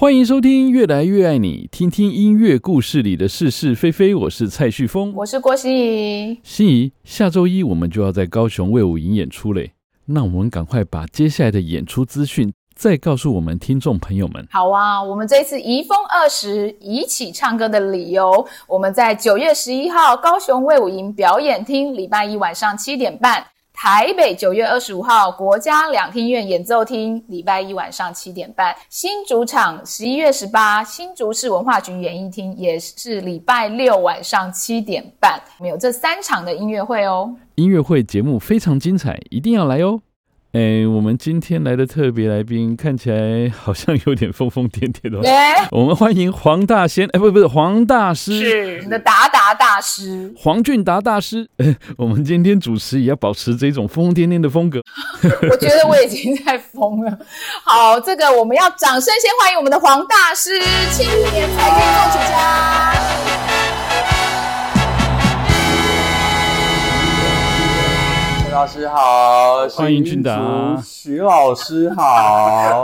歡迎收聽《樂來越愛你》，聽聽音樂故事裡的是是非非。我是蔡旭峰，我是郭心怡。心怡，下周一我們就要在高雄衛武營演出嘞，那我們趕快把接下來的演出資訊再告訴我們聽眾朋友們。好啊，我們這次沂風二十，一起唱歌的理由，我們在九月十一號高雄衛武營表演廳，禮拜一晚上七點半。台北九月二十五號，國家兩廳院演奏廳，禮拜一晚上七點半；新竹場十一月十八，新竹市文化局演藝廳，也是禮拜六晚上七點半，我們有這三場的音樂會哦。音樂會節目非常精彩，一定要來哦！哎、欸，我們今天來的特別來賓看起來好像有點瘋瘋癲癲的。來、欸，我們歡迎黃大仙，哎、欸，不不，是黃大師，是你的達達大師，黃俊達大師、欸。我們今天主持也要保持這種瘋瘋癲癲的風格。我覺得我已經太瘋了。 好，這個我們要掌聲先歡迎我們的黃大師，青年才俊作曲家。老師，老師好，歡迎俊達，徐老師，徐老師好、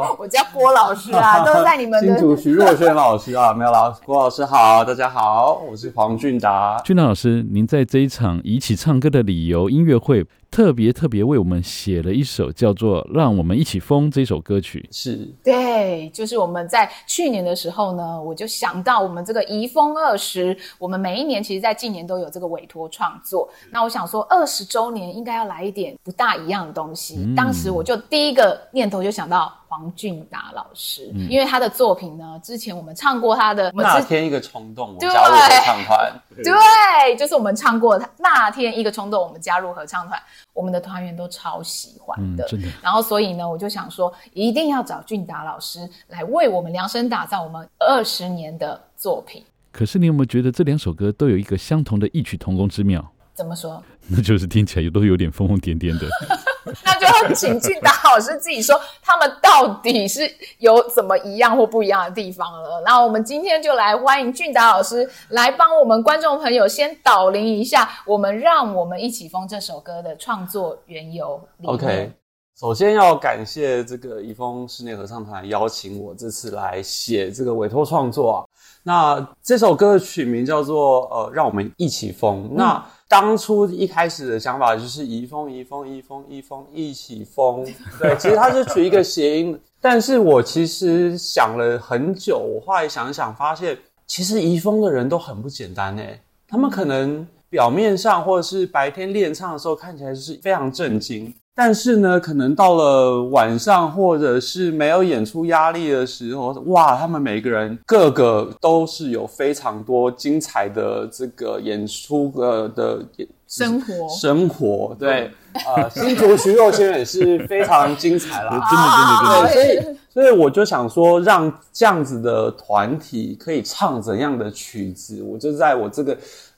啊，我叫郭老師啊，都在你們的， 主徐若瑄老師啊，沒有老師，郭老師好，大家好，我是黃俊達。俊達老師，您在這一場一起唱歌的理由音樂會特別特別為我們寫了一首叫做《讓我們一起瘋》這首歌曲，是對，就是我們在去年的時候呢，我就想到我們這個沂風二十，我們每一年其實，在近年都有這個委託創作。那我想說，二十週年應該要來一點不大一樣的東西。嗯、當時我就第一個念頭就想到。黃俊達老師，因為他的作品呢，之前我們唱過他的。嗯、那天一個衝動，我們加入合唱團。對，就是我們唱過他那天一個衝動，我們加入合唱團，我們的團員都超喜歡的。嗯、真的。然後，所以呢，我就想說，一定要找俊達老師來為我們量身打造我們二十年的作品。可是，你有沒有覺得這兩首歌都有一個相同的異曲同工之妙？怎麼說？ 那就是聽起來都有點瘋瘋癲癲的。 那就要請俊達老師自己說，他們到底是有怎麼一樣或不一樣的地方了。那我們今天就來歡迎俊達老師來幫我們觀眾朋友先導聆一下，我們讓我們一起瘋這首歌的創作緣由。OK，首先要感謝這個沂風室內合唱團邀請我這次來寫這個委托創作啊。那這首歌的曲名叫做呃讓我們一起瘋，嗯。那當初一開始的想法就是沂“沂風沂風沂風沂風一起瘋”，對，其實它是取一個諧音。 但是我其實想了很久，我後來想想發現，其實沂風的人都很不簡單呢。他們可能表面上或者是白天練唱的時候看起來就是非常震驚。但是呢，可能到了晚上，或者是沒有演出壓力的時候，哇，他們每個人各個都是有非常多精彩的這個演出的，呃的演，生活生活對啊，新、嗯、竹、呃、 徐若瑄也是非常精彩啦， 真的真的真的真的，所以所以我就想說，讓這樣子的團體可以唱怎樣的曲子，我就在我這個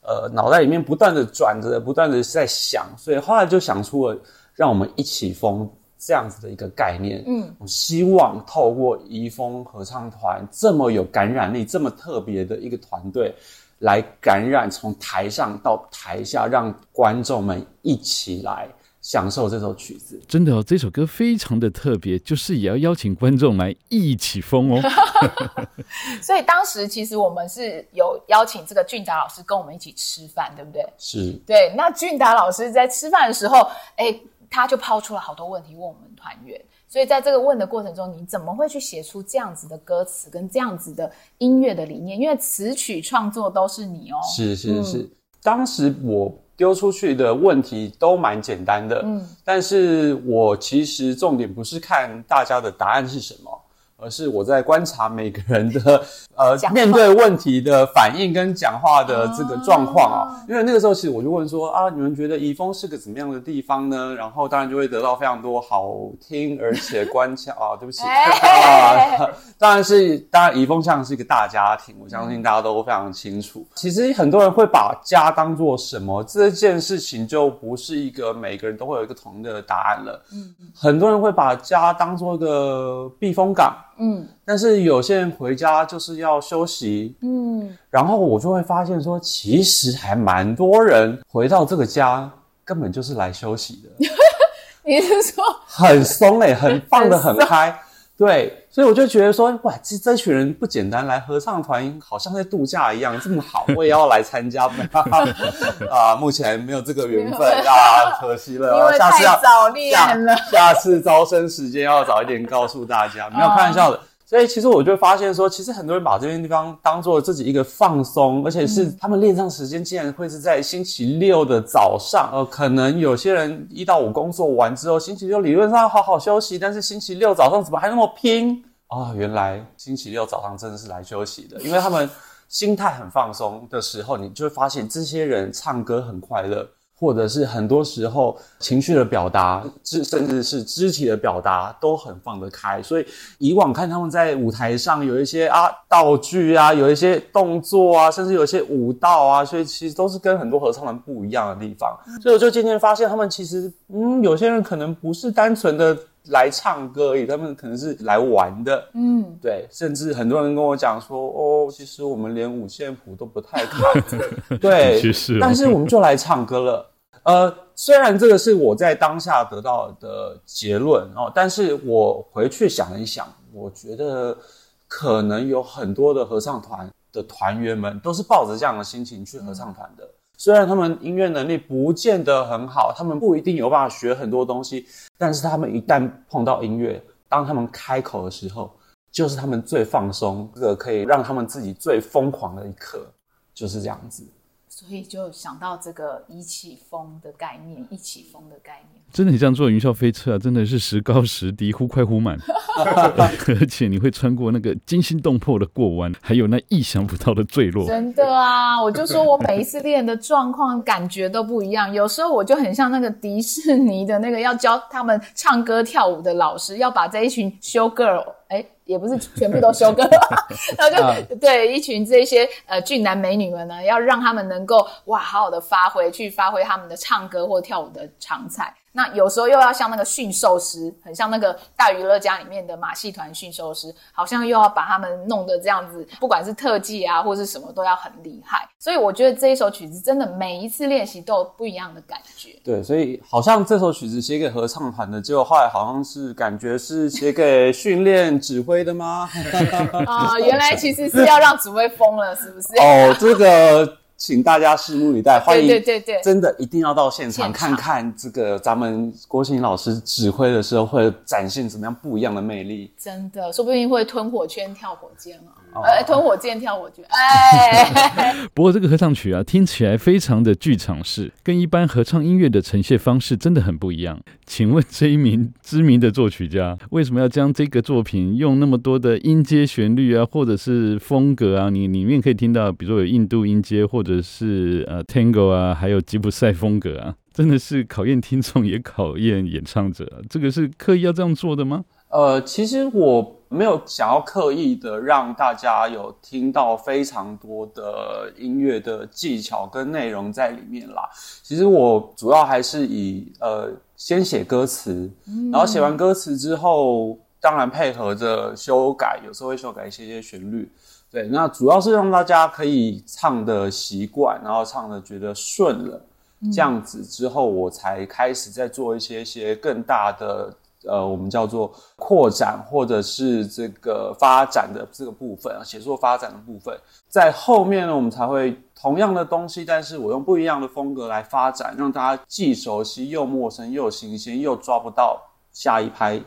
呃腦袋裡面不斷的轉着，不斷的在想，所以後來就想出了。讓我們一起瘋，這樣子的一個概念。嗯，我希望透過沂風合唱團這麼有感染力、這麼特別的一個團隊，來感染從台上到台下，讓觀眾們一起來享受這首曲子。真的哦，這首歌非常的特別，就是也要邀請觀眾來一起瘋哦。 所以當時其實我們是有邀請這個俊達老師跟我們一起吃飯，對不對？是。對，那俊達老師在吃飯的時候，誒他就拋出了好多問題問我們團員，所以在這個問的過程中，你怎麼會去寫出這樣子的歌詞跟這樣子的音樂的理念？因為詞曲創作都是你哦。是是是。嗯，當時我丟出去的問題都蠻簡單的，嗯，但是我其實重點不是看大家的答案是什麼。是我在觀察每個人的呃面對問題的反應跟講話的這個狀況啊，因為那個時候其實我就問說啊，你們覺得沂風是個怎麼樣的地方呢？然後當然就會得到非常多好聽而且乖巧 啊，對不起、欸、啊、欸，當然是當然沂風像是一個大家庭，我相信大家都非常清楚。嗯，其實很多人會把家當做什麼這件事情，就不是一個每個人都會有一個統一的答案了。嗯，嗯，很多人會把家當做一個避風港。嗯，但是有些人回家就是要休息，嗯，然後我就會發現說，其實還蠻多人回到這個家，根本就是來休息的。 你是說很鬆誒，很放的很開，對。所以我就覺得說，哇，這這群人不簡單，來合唱團好像在度假一樣，這麼好，我也要來參加。哈哈，啊，目前沒有這個緣分呀，啊，可惜了。下次要早戀了。下次招生時間要早一點告訴大家， 沒有開玩笑的。Uh... 所以其實我就發現說，其實很多人把這些地方當做自己一個放鬆，而且是他們練唱時間竟然會是在星期六的早上。呃，可能有些人一到五工作完之後，星期六理論上要好好休息，但是星期六早上怎麼還那麼拼啊？哦，原來星期六早上真的是來休息的，因為他們心態很放鬆的時候，你就會發現這些人唱歌很快樂。或者是很多時候情緒的表達，肢甚至是肢體的表達都很放得開，所以以往看他們在舞台上有一些啊道具啊，有一些動作啊，甚至有一些舞蹈啊，所以其實都是跟很多合唱團不一樣的地方。所以我就漸漸發現，他們其實嗯，有些人可能不是單純的。來唱歌而已，他們可能是來玩的，嗯，對，甚至很多人跟我講說，哦，其實我們連五線譜都不太看， 對是，但是我們就來唱歌了。呃，雖然這個是我在當下得到的結論哦，但是我回去想一想，我覺得可能有很多的合唱團的團員們都是抱着這樣的心情去合唱團的。嗯雖然他們音樂能力不見得很好，他們不一定有辦法學很多東西，但是他們一旦碰到音樂，當他們開口的時候，就是他們最放鬆，這個可以讓他們自己最瘋狂的一刻，就是這樣子。所以就想到這個一起瘋的概念，一起瘋的概念，真的很像做雲霄飛車啊！真的是時高時低，忽快忽慢、 啊，而且你會穿過那個驚心動魄的過彎，還有那意想不到的墜落。真的啊，我就說我每一次練的狀況感覺都不一樣， 有時候我就很像那個迪士尼的那個要教他們唱歌跳舞的老師，要把這一群 show girl、欸也不是全部都修歌， 然後就對一群這一些呃俊男美女們呢，要讓他們能夠哇，好好的發揮，去發揮他們的唱歌或跳舞的長才。那有時候又要像那個馴獸師，很像那個大娛樂家裡面的馬戲團馴獸師，好像又要把他們弄得這樣子，不管是特技啊或是什麼，都要很厲害。所以我覺得這一首曲子真的每一次練習都有不一樣的感覺。對，所以好像這首曲子寫給合唱團的，結果後來好像是感覺是寫給訓練指揮的嗎？啊、 呃，原來其實是要讓指揮瘋了，是不是？哦，這個。 請大家拭目以待，歡迎，對對對，真的一定要到現場看看這個咱們郭心怡老師指揮的時候會展現怎麼樣不一樣的魅力，啊對對對對。真的，說不定會吞火圈、跳火箭啊。呃，吞火箭跳，我就哎。不過這個合唱曲啊，聽起來非常的劇場式，跟一般合唱音樂的呈現方式真的很不一樣。請問這一名知名的作曲家為什麼要將這個作品用那麼多的音階旋律啊，或者是風格啊？你裡面可以聽到，比如說有印度音階，或者是呃 Tango 啊，還有吉普賽風格啊，真的是考驗聽眾也考驗演唱者啊。這個是刻意要這樣做的嗎？呃，其實我。沒有想要刻意的讓大家有聽到非常多的音樂的技巧跟內容在裡面啦。其實我主要還是以呃先寫歌詞、嗯，然後寫完歌詞之後，當然配合着修改，有時候會修改一些些旋律。對，那主要是讓大家可以唱的習慣，然後唱的覺得順了，這樣子之後，我才開始在做一些些更大的。呃，我們叫做擴展或者是這個發展的這個部分啊，寫作發展的部分，在後面呢，我們才會同樣的東西，但是我用不一樣的風格來發展，讓大家既熟悉又陌生，又新鮮，又抓不到下一拍。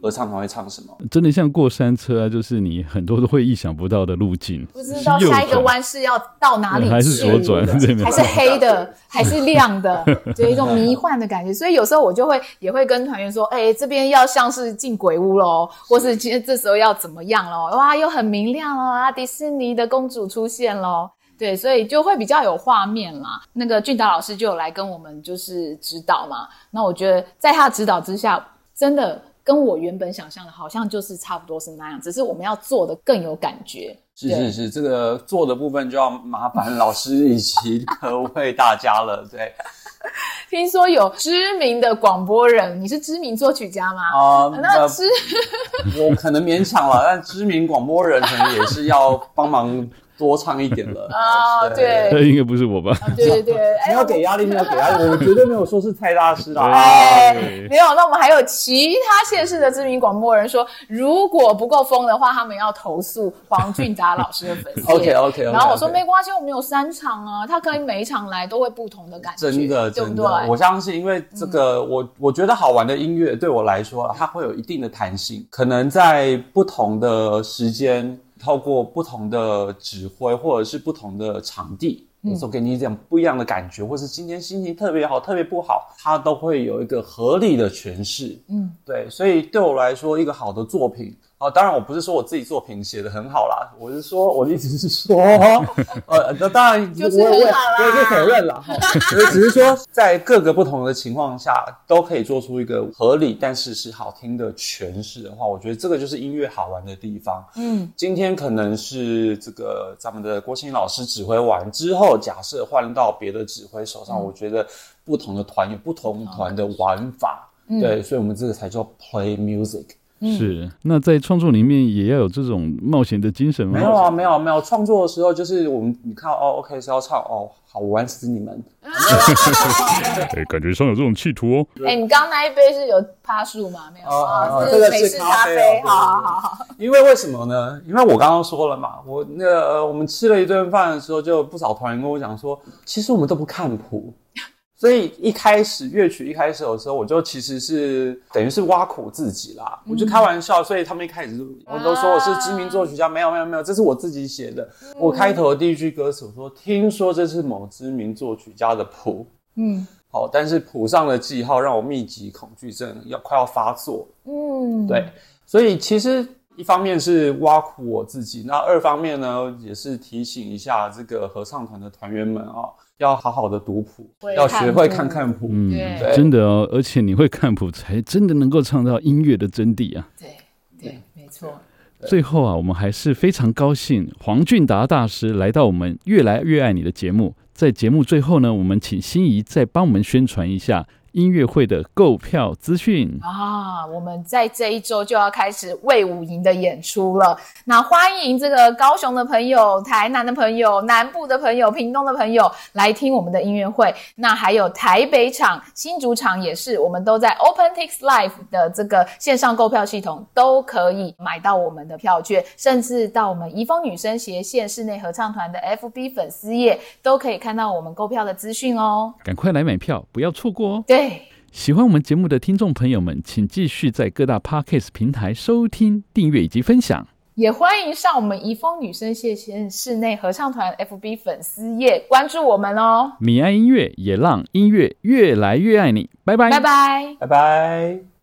合唱團會唱什麼，嗯，真的像過山車啊，就是你很多都會意想不到的路徑，不知道下一個彎是要到哪裡去，嗯，還是左轉，還是黑的，還是亮的是，就一種迷幻的感覺。所以有時候我就會也會跟團員說：“哎，欸，這邊要像是進鬼屋嘍，或是今天這時候要怎麼樣咯，哇，又很明亮咯，迪士尼的公主出現嘍。”對，所以就會比較有畫面啦。那個俊達老師就有來跟我們就是指導嘛。那我覺得在他指導之下，真的。跟我原本想象的，好像就是差不多是那樣，只是我們要做的更有感覺。是是是，這個做的部分就要麻煩老師以及各位大家了。對， 聽說有知名的廣播人，你是知名作曲家嗎？啊、uh, uh,，那知 我可能勉強了，但知名廣播人可能也是要幫忙。多唱一點了啊！ 哦、對，對，對，應該不是我吧？哦、對對對，你、哎、要給壓力，你要給壓力， 我們絕對沒有說是蔡大師啦。哎，對對對沒有。那我們還有其他縣市的知名廣播人說，如果不夠瘋的話，他們要投訴黃俊達老師的粉絲。 OK OK, okay。Okay, 然後我說沒關係，我們有三場啊，他可以每一場來都會不同的感覺，真的，對對真的對不對？我相信，因為這個，嗯、我我覺得好玩的音樂對我來說，它會有一定的彈性，可能在不同的時間。透過不同的指揮，或者是不同的場地，嗯，都給你一點不一樣的感覺、嗯，或是今天心情特別好，特別不好，它都會有一個合理的詮釋，嗯，對，所以對我來說，一個好的作品。哦，當然我不是說我自己作品寫得很好啦，我是說我的意思是說，呃，那當然我 我也承認了，哦、 只是說在各個不同的情況下都可以做出一個合理但是是好聽的詮釋的話，我覺得這個就是音樂好玩的地方。嗯，今天可能是這個咱們的郭心老師指揮完之後，假設換到別的指揮手上、嗯，我覺得不同的團有不同團的玩法、嗯，對，所以我們這個才叫 play music。是，那在創作裡面也要有這種冒險的精神嗎？沒有啊，沒有、啊，沒有、啊。創作的時候就是我們，你看哦，OK，是要唱哦，好玩死你們！哎、啊 有啊 欸，感覺上有這種企圖哦。哎、欸，你剛剛那一杯是有趴數嗎？沒有、哦哦、啊，是美式咖啡哈、哦哦好好好。因為為什麼呢？因為我剛剛說了嘛，我那個、我們吃了一頓飯的時候，就不少團員跟我講說，其實我們都不看譜。所以一開始樂曲一開始的時候，我就其實是等於是挖苦自己啦，我就開玩笑。所以他們一開始都他們都說我是知名作曲家，沒有沒有沒有，這是我自己寫的。我開頭的第一句歌詞我說：“聽說這是某知名作曲家的譜。”嗯，好，但是譜上的記號讓我密集恐懼症要快要發作。嗯，對，所以其實一方面是挖苦我自己，那二方面呢也是提醒一下這個合唱團的團員們啊、喔。要好好的讀譜，要學會看看譜，嗯，真的哦，而且你會看譜，才真的能夠唱到音樂的真諦啊。對，對，沒錯。最後啊，我們還是非常高興黃俊達大師來到我們《樂來越愛你的》的節目，在節目最後呢，我們請心怡再幫我們宣傳一下。音樂會的購票資訊啊，我們在這一周就要開始衛武營的演出了。那歡迎這個高雄的朋友、台南的朋友、南部的朋友、屏東的朋友來聽我們的音樂會。那還有台北場、新竹場也是，我們都在 OPENTIX Live 的這個線上購票系統都可以買到我們的票券，甚至到我們沂風女聲斜線室內合唱團的 FB 粉絲頁都可以看到我們購票的資訊哦。趕快來買票，不要錯過哦。對。喜歡我們節目的聽眾朋友們，請繼續在各大 podcast 平台收聽、訂閱以及分享，也歡迎上我們沂風女聲謝賢室內合唱團 FB 粉絲頁關注我們哦。你愛音樂，也讓音樂越來越愛你。拜拜，拜拜，拜拜。